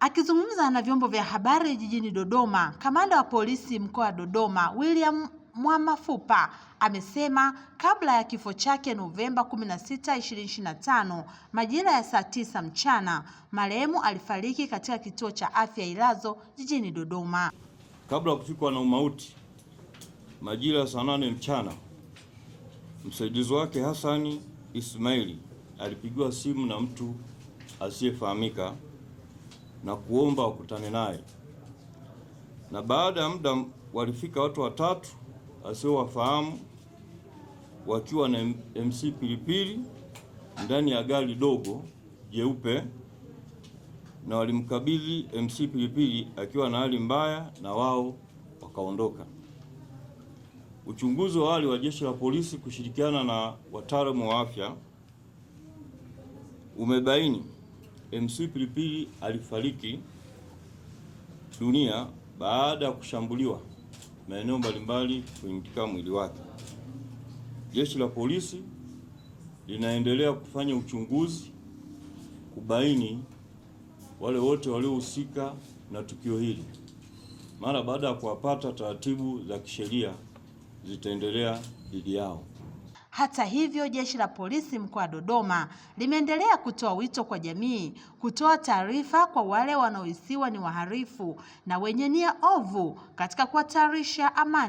Akizungumza na vyombo vya habari jijini Dodoma, kamanda wa polisi mkoa wa Dodoma William Mwamafupa amesema kabla ya kifo chake Novemba 16, 2025 majira ya saa tisa mchana marehemu alifariki katika kituo cha afya Ilazo jijini Dodoma. Kabla ya kufikwa na umauti majira ya saa nane mchana, msaidizi wake Hasani Ismaili alipigiwa simu na mtu asiyefahamika na kuomba wakutane naye. Na baada ya muda walifika watu watatu wasiowafahamu wakiwa na MC Pilipili ndani ya gari dogo jeupe, na walimkabidhi MC Pilipili akiwa na hali mbaya, na wao wakaondoka. Uchunguzi wa awali wa Jeshi la Polisi kushirikiana na wataalamu wa afya umebaini MC Pilipili alifariki dunia baada ya kushambuliwa maeneo mbalimbali kuingika mwili wake. Jeshi la polisi linaendelea kufanya uchunguzi kubaini wale wote waliohusika na tukio hili. Mara baada ya kuwapata, taratibu za kisheria zitaendelea dhidi yao. Hata hivyo, jeshi la polisi mkoa wa Dodoma limeendelea kutoa wito kwa jamii kutoa taarifa kwa wale wanaohisiwa ni wahalifu na wenye nia ovu katika kuhatarisha amani